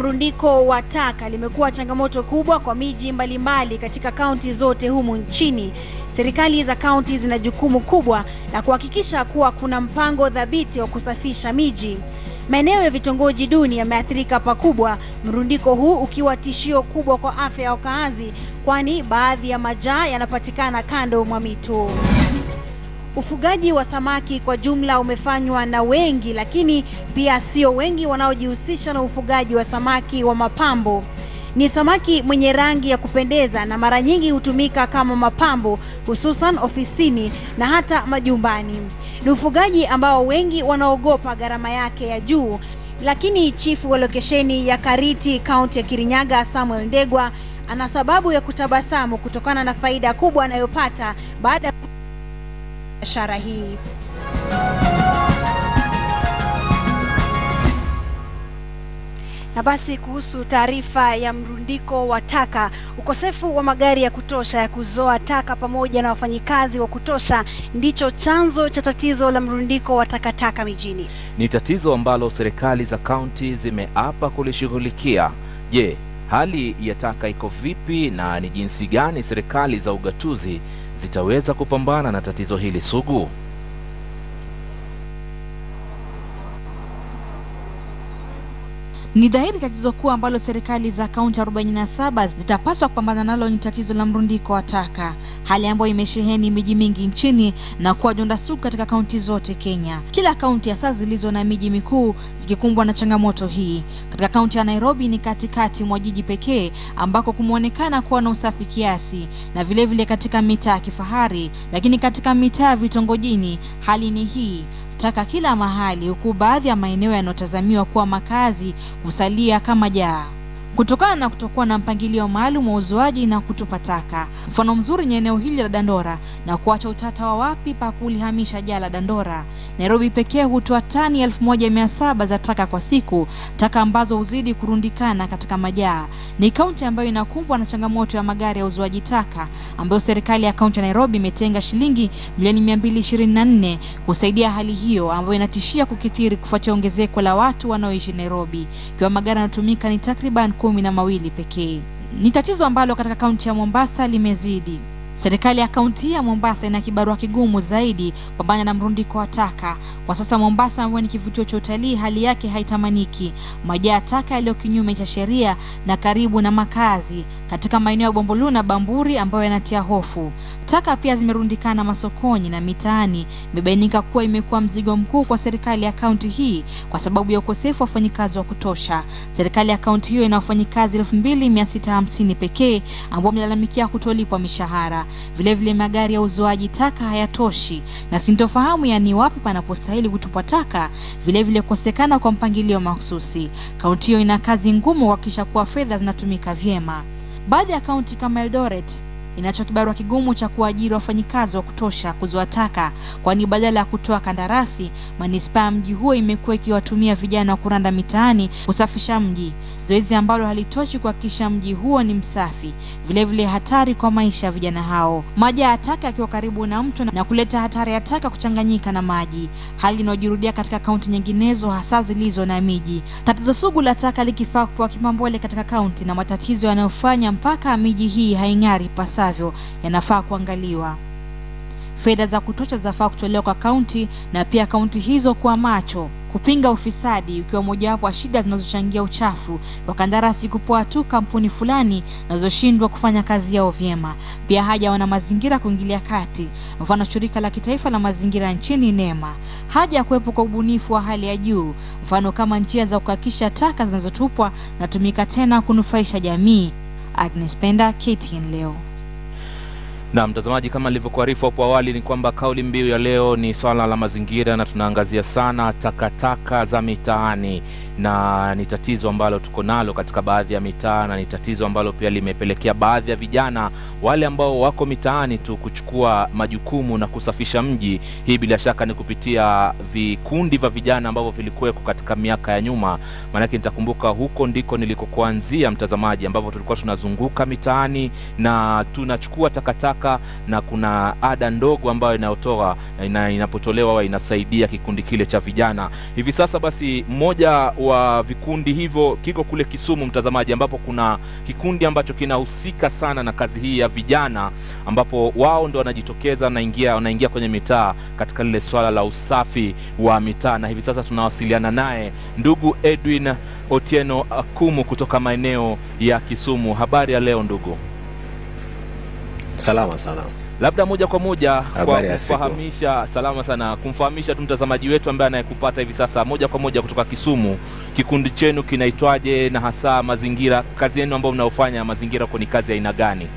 Mrundiko wa taka limekuwa changamoto kubwa kwa miji mbalimbali katika kaunti zote humu nchini. Serikali za kaunti zina jukumu kubwa la kuhakikisha kuwa kuna mpango dhabiti wa kusafisha miji. Maeneo ya vitongoji duni yameathirika pakubwa, mrundiko huu ukiwa tishio kubwa kwa afya ya wakaazi, kwani baadhi ya majaa yanapatikana kando mwa mito. Ufugaji wa samaki kwa jumla umefanywa na wengi, lakini pia sio wengi wanaojihusisha na ufugaji wa samaki wa mapambo. Ni samaki mwenye rangi ya kupendeza na mara nyingi hutumika kama mapambo, hususan ofisini na hata majumbani. Ni ufugaji ambao wengi wanaogopa gharama yake ya juu, lakini chifu wa lokesheni ya Kariti, kaunti ya Kirinyaga, Samuel Ndegwa ana sababu ya kutabasamu kutokana na faida kubwa anayopata baada ya biashara hii. Na basi kuhusu taarifa ya mrundiko wa taka, ukosefu wa magari ya kutosha ya kuzoa taka pamoja na wafanyikazi wa kutosha ndicho chanzo cha tatizo la mrundiko wa takataka mijini. Ni tatizo ambalo serikali za kaunti zimeapa kulishughulikia. Je, hali ya taka iko vipi na ni jinsi gani serikali za ugatuzi zitaweza kupambana na tatizo hili sugu? Ni dhahiri tatizo kuu ambalo serikali za kaunti 47 zitapaswa kupambana nalo ni tatizo la mrundiko wa taka, hali ambayo imesheheni miji mingi nchini na kuwa donda sugu katika kaunti zote Kenya, kila kaunti hasa zilizo na miji mikuu zikikumbwa na changamoto hii. Katika kaunti ya Nairobi ni katikati mwa jiji pekee ambako kumeonekana kuwa na usafi kiasi, na vilevile vile katika mitaa ya kifahari, lakini katika mitaa ya vitongojini hali ni hii taka kila mahali, huku baadhi ya maeneo yanayotazamiwa kuwa makazi husalia kama jaa kutokana na kutokuwa na mpangilio maalum wa uzoaji na kutupa taka. Mfano mzuri ni eneo hili la Dandora na kuacha utata wa wapi pa kulihamisha jaa la Dandora. Nairobi pekee hutoa tani elfu moja mia saba za taka kwa siku, taka ambazo huzidi kurundikana katika majaa. Ni kaunti ambayo inakumbwa na changamoto ya magari ya uzoaji taka, ambayo serikali ya kaunti ya Nairobi imetenga shilingi milioni 224 kusaidia hali hiyo ambayo inatishia kukithiri kufuatia ongezeko la watu wanaoishi Nairobi, ikiwa magari yanayotumika ni takriban kumi na mawili pekee. Ni tatizo ambalo katika kaunti ya Mombasa limezidi. Serikali ya kaunti ya Mombasa ina kibarua kigumu zaidi pambana na mrundiko wa taka. Kwa sasa Mombasa ambayo ni kivutio cha utalii, hali yake haitamaniki. Majaa taka yaliyo kinyume cha sheria na karibu na makazi katika maeneo ya Bombolu na Bamburi ambayo yanatia hofu. Taka pia zimerundikana masokoni na mitaani. Imebainika kuwa imekuwa mzigo mkuu kwa serikali ya kaunti hii kwa sababu ya ukosefu wa wafanyikazi wa kutosha. Serikali ya kaunti hiyo ina wafanyikazi 2650 pekee ambao wamelalamikia kutolipwa mishahara. Vilevile vile magari ya uzoaji taka hayatoshi na sintofahamu ya ni wapi panapostahili kutupwa taka, vilevile kukosekana kwa mpangilio mahususi. Kaunti hiyo ina kazi ngumu kuhakikisha kuwa fedha zinatumika vyema. Baadhi ya kaunti kama Eldoret, inacho kibarua kigumu cha kuajiri wafanyikazi wa kutosha kuzoa taka, kwani badala ya kutoa kandarasi, manispaa ya mji huo imekuwa ikiwatumia vijana wa kuranda mitaani kusafisha mji, zoezi ambalo halitoshi kuhakikisha mji huo ni msafi, vilevile vile hatari kwa maisha ya vijana hao. Maji ya taka yakiwa karibu na mto na kuleta hatari ya taka kuchanganyika na maji, hali inayojirudia katika kaunti nyinginezo, hasa zilizo na miji. Tatizo sugu la taka likifaa kupewa kimambole katika kaunti na matatizo yanayofanya mpaka miji hii haing'ari pasa ambavyo yanafaa kuangaliwa. Fedha za kutosha zinafaa kutolewa kwa kaunti na pia kaunti hizo kwa macho kupinga ufisadi ukiwa mojawapo wa shida zinazochangia uchafu kandarasi kupoa tu kampuni fulani zinazoshindwa kufanya kazi yao vyema. Pia haja wana mazingira kuingilia kati, mfano shirika la kitaifa la mazingira nchini NEMA. Haja ya kuwepo kwa ubunifu wa hali ya juu, mfano kama njia za kuhakikisha taka zinazotupwa zinatumika tena kunufaisha jamii. Agnes Penda, KTN Leo. Na mtazamaji, kama nilivyokuarifu hapo awali ni kwamba kauli mbiu ya leo ni swala la mazingira, na tunaangazia sana takataka za mitaani na ni tatizo ambalo tuko nalo katika baadhi ya mitaa, na ni tatizo ambalo pia limepelekea baadhi ya vijana wale ambao wako mitaani tu kuchukua majukumu na kusafisha mji. Hii bila shaka ni kupitia vikundi vya vijana ambavyo vilikuweko katika miaka ya nyuma, maanake nitakumbuka huko ndiko nilikokuanzia mtazamaji, ambapo tulikuwa tunazunguka mitaani na tunachukua takataka, na kuna ada ndogo ambayo inayotoa na inapotolewa inasaidia kikundi kile cha vijana. Hivi sasa basi mmoja wa wa vikundi hivyo kiko kule Kisumu, mtazamaji, ambapo kuna kikundi ambacho kinahusika sana na kazi hii ya vijana, ambapo wao ndo wanajitokeza wanaingia wanaingia kwenye mitaa katika lile swala la usafi wa mitaa, na hivi sasa tunawasiliana naye ndugu Edwin Otieno Akumu kutoka maeneo ya Kisumu. Habari ya leo ndugu? Salama salama labda moja kwa moja kwa kufahamisha salama sana, kumfahamisha tu mtazamaji wetu ambaye anayekupata hivi sasa moja kwa moja kutoka Kisumu, kikundi chenu kinaitwaje na hasa mazingira, kazi yenu ambayo mnaofanya mazingira kwa ni kazi ya aina gani?